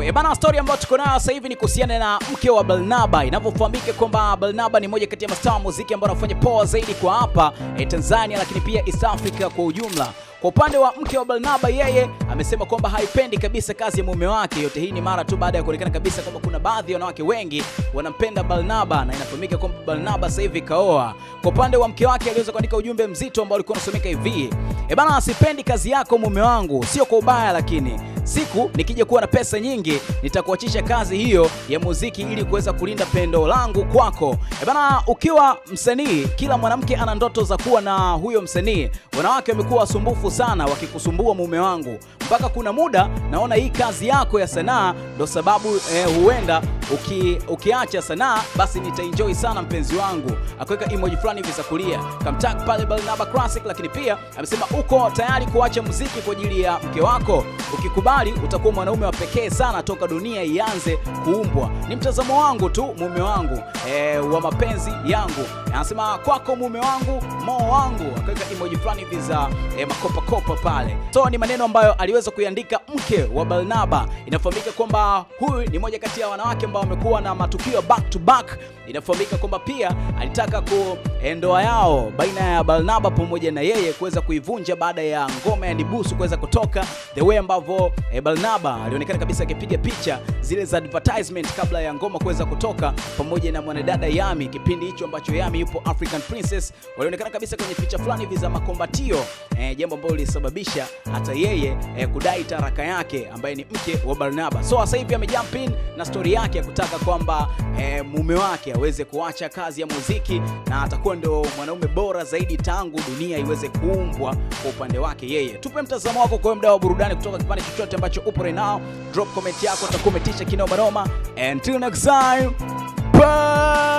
leo. E bana, story ambayo tuko nayo sasa hivi ni kuhusiana na mke wa Barnaba. Inavyofahamika kwamba Barnaba ni moja kati ya mastaa wa muziki ambao anafanya poa zaidi kwa hapa e, Tanzania lakini pia East Africa kwa ujumla. Kwa upande wa mke wa Barnaba, yeye amesema kwamba haipendi kabisa kazi ya mume wake. Yote hii ni mara tu baada ya kuonekana kabisa kwamba kuna baadhi ya wanawake wengi wanampenda Barnaba na inafahamika kwamba Barnaba sasa hivi kaoa. Kwa upande wa mke wake, aliweza kuandika ujumbe mzito ambao ulikuwa unasomeka hivi: E bana, sipendi kazi yako mume wangu, sio kwa ubaya lakini siku nikija kuwa na pesa nyingi nitakuachisha kazi hiyo ya muziki ili kuweza kulinda pendo langu kwako. E bana, ukiwa msanii, kila mwanamke ana ndoto za kuwa na huyo msanii. Wanawake wamekuwa wasumbufu sana wakikusumbua mume wangu, mpaka kuna muda naona hii kazi yako ya sanaa ndo sababu eh, huenda uki, ukiacha sanaa basi nitaenjoy sana mpenzi wangu. Akaweka emoji fulani hivi za kulia, kamtag pale Barnaba Classic, lakini pia amesema uko tayari kuacha muziki kwa ajili ya mke wako ukikubali bali utakuwa mwanaume wa pekee sana toka dunia ianze kuumbwa. Ni mtazamo wangu tu mume wangu e, wa mapenzi yangu. Anasema kwako mume wangu, moo wangu, akaweka emoji fulani hivi za e, makopakopa pale. So ni maneno ambayo aliweza kuiandika mke wa Barnaba. Inafahamika kwamba huyu ni moja kati ya wanawake ambao wamekuwa na matukio back to back. Inafahamika kwamba pia alitaka ku Eh, ndoa yao baina ya Barnaba pamoja na yeye kuweza kuivunja baada ya ngoma ya Nibusu kuweza kutoka, the way ambavyo eh, Barnaba alionekana kabisa akipiga picha zile za advertisement kabla ya ngoma kuweza kutoka, pamoja na mwanadada Yami kipindi hicho ambacho Yami yupo African Princess, walionekana kabisa kwenye picha fulani hivi za makombatio eh, jambo ambalo lilisababisha hata yeye eh, kudai taraka yake ambaye ni mke wa Barnaba. So sasa hivi amejump in na story yake ya kutaka kwamba eh, mume wake aweze kuacha kazi ya muziki na atakuwa alikuwa ndo mwanaume bora zaidi tangu dunia iweze kuumbwa kwa upande wake yeye. Tupe mtazamo wako kwa mda wa burudani kutoka kipande chochote ambacho upo right now. Drop comment yako, takumetisha kinomanoma. Until next time. Bye.